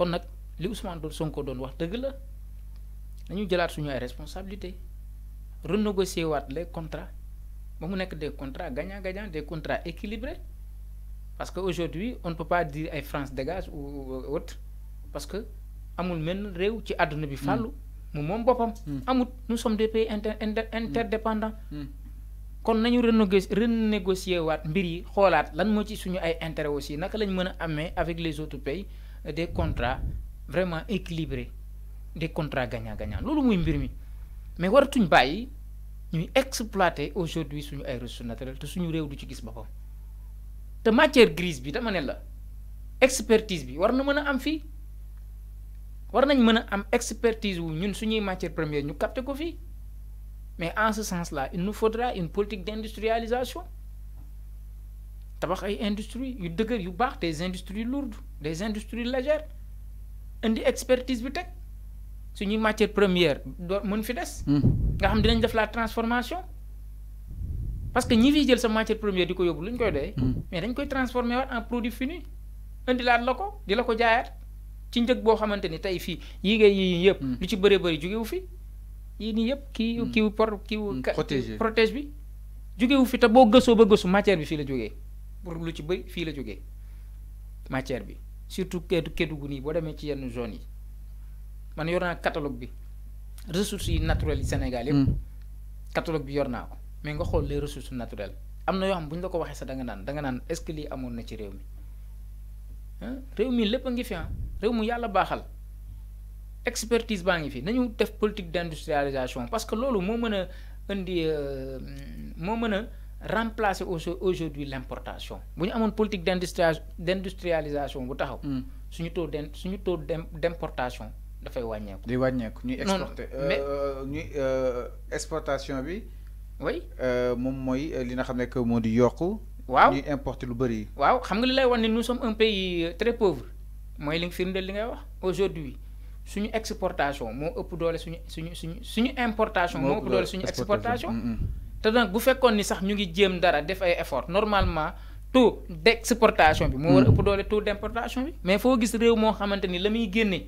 kon nak li Ousmane Sonko don wax deug la dañu jëlat suñu responsabilité renégocier waat les contrats ba mu nek des contrats gagnant gagnant des contrats équilibrés parce que aujourd'hui on ne peut pas dire ay France dégage ou autre parce que amul men rew ci aduna bi mm. fallu mu mom bopam mm. amut nous sommes des pays mm. interdépendants kon nañu renégocier renégocier waat mbir yi xoolaat lan mo ci suñu ay intérêt aussi nak lañ mëna amé avec les autres pays des contrats vraiment équilibrés des contrats gagnant-gagnant loolu muy que mi mais waratuñ bàyyi ñuy exploiter aujourd'hui suñu les ressources naturelles te suñu les du ci gis boppam te matière grise c'est dama ne la expertise bi war na mën a am nous war nañ expertise matière première ñu capter ko mais en ce sens là il nous faudra une politique d'industrialisation tabax ay industrie yu dëgër yu baax des industries lourdes des industries légères indi expertise bi teg suñu matière première doo mën fi des hmm. nga xam dinañ def la transformation parce que ñi fi jël sa matière première di ko yóbbu lu koy doyee hmm. mais dañ koy transformer waat en produit fini indilaat la ko di la ko jaayaat ci njëg boo xamante ni tey fii yii ngay yii yëpp hmm. lu ci bëree bëri jógewu fi yii nii yëpp kii kiiwu por kiiwu protège bi jógewu fi te boo gësoo ba gësu matière bi fii la jógee pour lu ci bëri fii la jógee matière bi surtout kédu kédu gu nii boo demee ci yenn zones yi man yor naa catalogue bi ressources yi naturelles yi Sénégal yëpp. Hmm. catalogue bi yor naa ko mais nga xool les ressources naturelles am na yoo xam bu ñu la ko waxee sax da nga naan danga naan est-ce que amoon na ci réew mi réew mi lépp a ngi fi ah réew mu yàlla baaxal expertise baa ngi fi nañu def politique d'industrialisation parce que loolu moo mën a indi euh, moo mën a. remplacer aujourd'hui l'importation bu ñu une politique d'industrialisation bu taxaw hmm. suñu taux d'importation. De taux d' importation dafay wàññeeku exporter wàññeeku ñuy euh, exportation bi oui euh, mom moy euh, li nga xamné que moo di yokku waaw ñuy importer lu bari waaw xam nga li lay wone nous sommes un pays euh, très pauvre moy li nga firndeel li ngay wax aujourd'hui suñu exportation mo ëpp doole suñu suñu suñu importation mo ëpp doole suñu exportation mm-hmm te donc bu fekkoon ni sax ñu ngi jéem dara def ay effort normalement tout d'exportation bi. moo war a hmm. ëpp doole taux d'importation bi. mais foo gis réew moo xamante ni la muy génne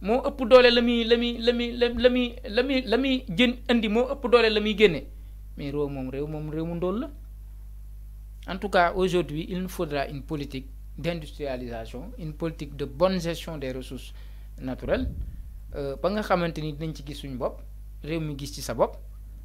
moo ëpp doole la muy la muy la muy la muy la muy la muy jën indi moo ëpp doole la muy mais réew moom réew moom réew mu ndóol la en tout cas aujourd'hui il nous faudra une politique d'industrialisation une politique de bonne gestion des ressources naturelles euh, ba nga xamante ni dinañ ci gis suñu bopp réew mi gis ci sa bopp.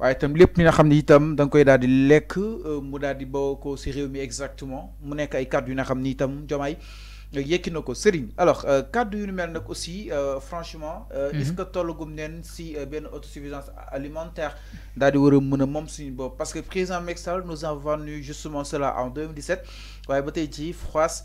waaye tam lepp li nga xamni itam dang koy daal di lekk euh, mu daal di bawoo ko si réew mi exactement mu nekk ay cadre yu nga xamni itam jomay euh, yekki nako Serigne alors cadre euh, yu nu mel nak aussi franchement. est-ce mhm. que tollagum nen si benn autosuffisance alimentaire daal di war a mën a suñu bopp parce que président Macky nous a vendu justement cela en 2017 waye ba tey ci froisse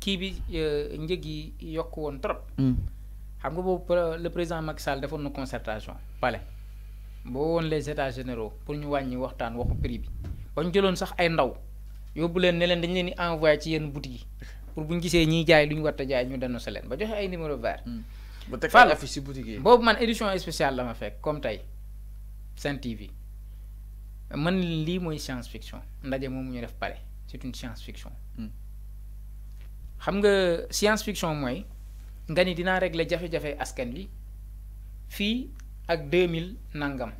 kii bi euh, njëg yi yokk woon trop. Mm. xam nga boobu le président Macky Sall defoon na concertation pale boo woon les états généraux pour ñu wàññi waxtaan waxu prix bi ba ñu jëloon sax ay ndaw yóbbu leen ne leen dañu leen di envoyé ci yenn boutique yi pour bu ñu gisee ñiy jaay lu ñu war a jaay ñu dénoncé leen ba joxe ay numéro vert. Mm. ba teg ay affiche ci boutique yi boobu man édition spéciale la ma fekk comme tey Sen TV man lii mooy science fiction ndaje moom mu ñu def palais c'est une science xam nga science fiction mooy nga ni dinaa régler jafe-jafe askan bi fii ak 2000 nangam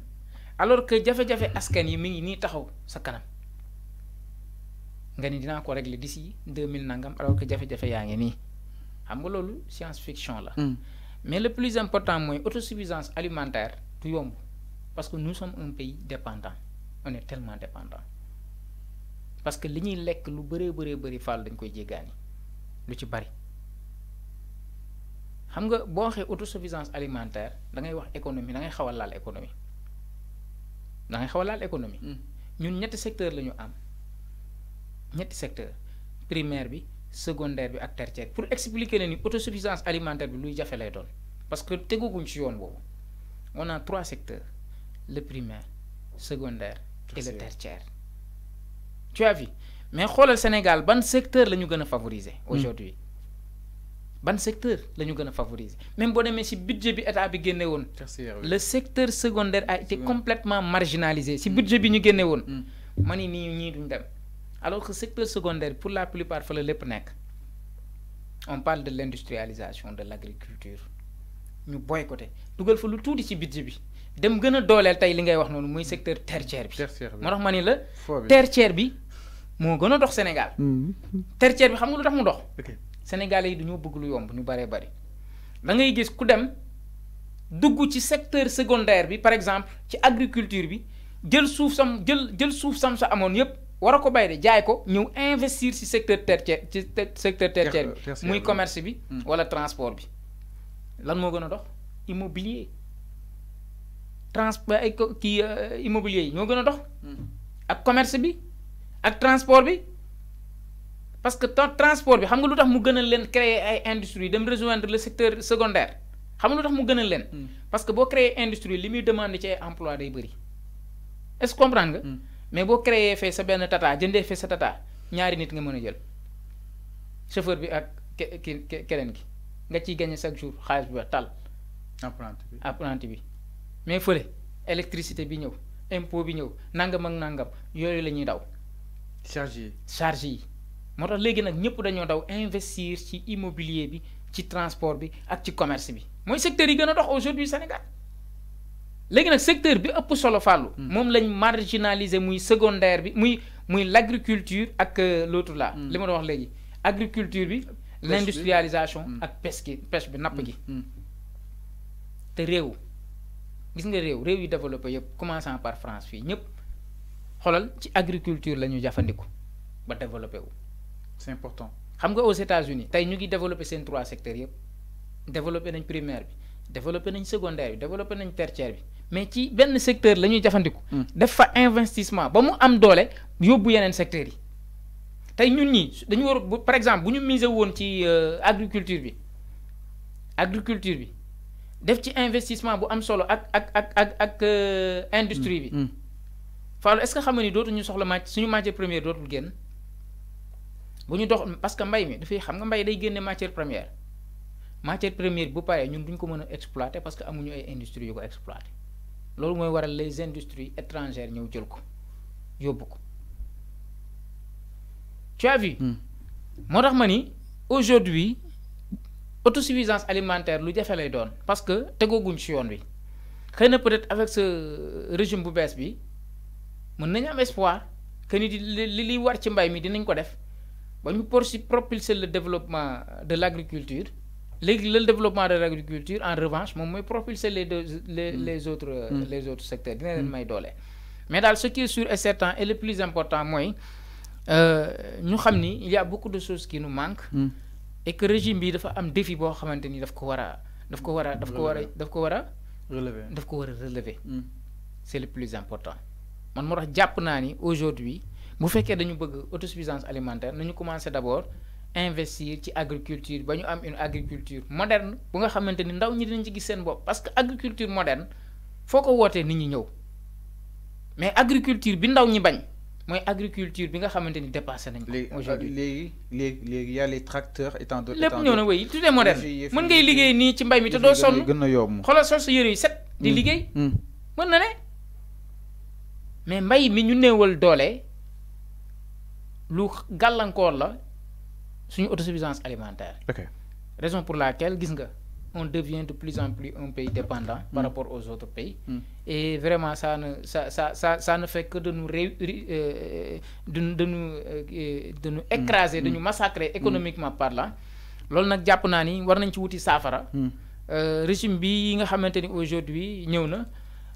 alors que jafe-jafe askan yi mi ngi nii taxaw sa kanam nga ni dinaa ko régler d'ici 2000 nangam alors que jafe-jafe yaa ngi nii xam nga loolu science fiction la. Hmm. mais le plus important mooy autosuffisance alimentaire du yomb parce que nous sommes un pays dépendant on est tellement dépendant parce que li ñuy lekk lu bëree bëree bëri faal dañ koy jéggaani lu ci bari xam nga bo autosuffisance alimentaire da ngay wax économie da ngay xawal laal économie da ngay xawal laal économie hmm. ñun ñetti secteur lañu am ñetti secteur primaire bi secondaire bi ak tertiaire pour expliquer l'autosuffisance ni autosuffisance alimentaire bi luy jafé lay doon parce que teguguñ ci yoon on a trois secteurs le primaire secondaire et le tertiaire tu as vu mais au Sénégal ban secteur la ñu favoriser. Hmm. aujourd'hui ban secteur la ñu favoriser même si demee ci budget bi état bi génne le secteur secondaire a été complètement marginalisé ci hmm. budget bi ñu génne woon. Hmm. ma ni alors que secteur secondaire pour la plupart fa la nekk on parle de l'industrialisation de l'agriculture ñu boycotté dugal fa lu sur ci budget bi. dem gëna a tay li ngay wax non muy secteur tertiaire bi. moo tax ni la tertiaire bi moo gën a dox Sénégal. Mm. tertiaire bi xam nga lu tax mu dox. Sénégalais yi dañoo bëgg lu yomb ñu baree bari. da ngay gis ku dem dugg ci secteur secondaire bi par exemple ci agriculture bi jël suuf sam jël jël suuf sam sa amoon yépp war a ko bay de jaay ko ñëw investir ci secteur tertiaire ci secteur tertiaire bi muy commerce bi. Mm. wala transport bi. lan moo gën a dox immobilier transport ay kii euh, immobilier yi ñoo gën a dox. Mm. ak commerce bi. ak transport bi parce que transport bi xam nga lu tax mu gënal leen créer ay industrie dem rejoindre le secteur secondaire xam nga lu tax mu gënal leen. Hmm. parce que boo créer industrie li muy demande ci ay emploi day bëri est-ce nga. Hmm. mais boo créer fee sa benn tata jëndee fee sa tata ñaari nit nga mën a jël chauffeur bi ak ki keneen ki nga ciy gagné chaque jour xaalis bi ba tal. apprenti bi apprenti bi mais fële électricité bi ñëw impôt bi ñëw nangam ak nangam yooyu la ñuy daw. chargé chargé motax légui nak léegi nag ñëpp dañoo daw investir ci immobilier bi ci transport bi ak ci commerce bi moy secteur yi gëna dox aujourd'hui Sénégal légui nak secteur bi ëpp solo fallu hmm. moom lañ marginaliser muy secondaire bi muy muy l'agriculture ak euh, l'autre là hmm. li ma wax léegi agriculture bi l'industrialisation hmm. ak pêche pêche bi napp gi te réew gis nga réew réew yu développé yëpp commençant par France fii ñëpp xolal ci agriculture la ñu jëfandiku ba développé wu. c'est important xam nga aux États-Unis tey ñu ngi développé seen trois secteurs yëpp développé nañ primaire bi développé nañ secondaire bi développé nañ tertiaire bi mais ci benn secteur la ñuy jëfandiku. Hmm. def fa investissement ba mu am doole yóbbu yeneen secteur. yi tey ñun ñii dañu war par exemple bu ñu miser woon ci euh, agriculture bi agriculture bi def ci investissement bu am solo ak ak ak ak euh, industrie bi. Hmm. Fallou est-ce que xam nga ni dootuñu soxla màcc suñu matière première dootul génn bu ñu dox parce que mbay mi dafay xam nga mbay day génne matière première matière première bu paree ñun duñ ko mën a exploiter parce que amuñu ay industrie yu ko exploiter loolu mooy waral les industries étrangères ñëw jël ko yóbbu ko tu as vu. Hmm. moo tax ma ni aujourd'hui autosuffisance alimentaire lu jafe lay doon parce que tegooguñ ci yoon bi xëy na peut-être avec ce régime bu bees bi mën nañu am espoir que ni li liy war ci mbay mi dinañ ko def ba ñu porsi propulser le développement de l' agriculture léegi le développement de l' agriculture en revanche moom mooy propulser les deux les mm. les autres mm. euh, les autres secteurs dina leen mm. may doole. mais daal ce qui est sûr et certain et le plus important mooy euh, ñu xam ni il y a beaucoup de choses qui nous manquent. et que régime bi dafa am défi boo xamante ni daf ko war a daf ko war a daf ko war a daf ko war a. relever daf ko war a relever. c' est le plus important man mo tax japp naa ni aujourd'hui bu fekkee dañu bëgg autosuffisance alimentaire nañu commencer d'abord investir ci agriculture ba ñu am une agriculture moderne bu nga xamante ni ndaw ñi dinañ ci gis seen bopp parce que agriculture moderne foo ko wootee nit ñi ñëw mais agriculture bi ndaw ñi bañ mooy agriculture bi nga xamante ni dépassé nañ euh, aujourd'hui léegi léegi léegi y a les tracteurs étant de. lépp ñëw na wéy tout est moderne mën ngay liggéey nii ci mbay mi te doo sonn gën a yomb xoolal sol yëre set di hmm. liggéey hmm. mën na ne mais mbay mi ñu néewal doole lu gàllankoor la autosuffisance alimentaire. raison pour laquelle on devient de plus en plus un pays dépendant par mm. rapport aux autres pays. Mm. et vraiment ça ne ça ne fait que de nous euh, de nous euh, mm. écraser de nous massacrer économiquement parlant là. war wuti euh, nga aujourd'hui ñëw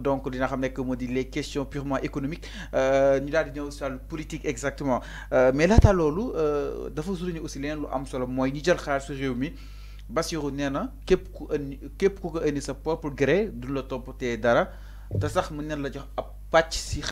donc dina nga xam nekk les questions purement économiques euh ñu dal di ñëw sal politique exactement euh mais la ta lolu euh dafa souligner aussi leneen lu am solo moy ñi jël xaar si réew mi basiru néna na képp ku képp ku ko indi sa propre gré du la toppatee dara ta sax mu na la jox ap patch si.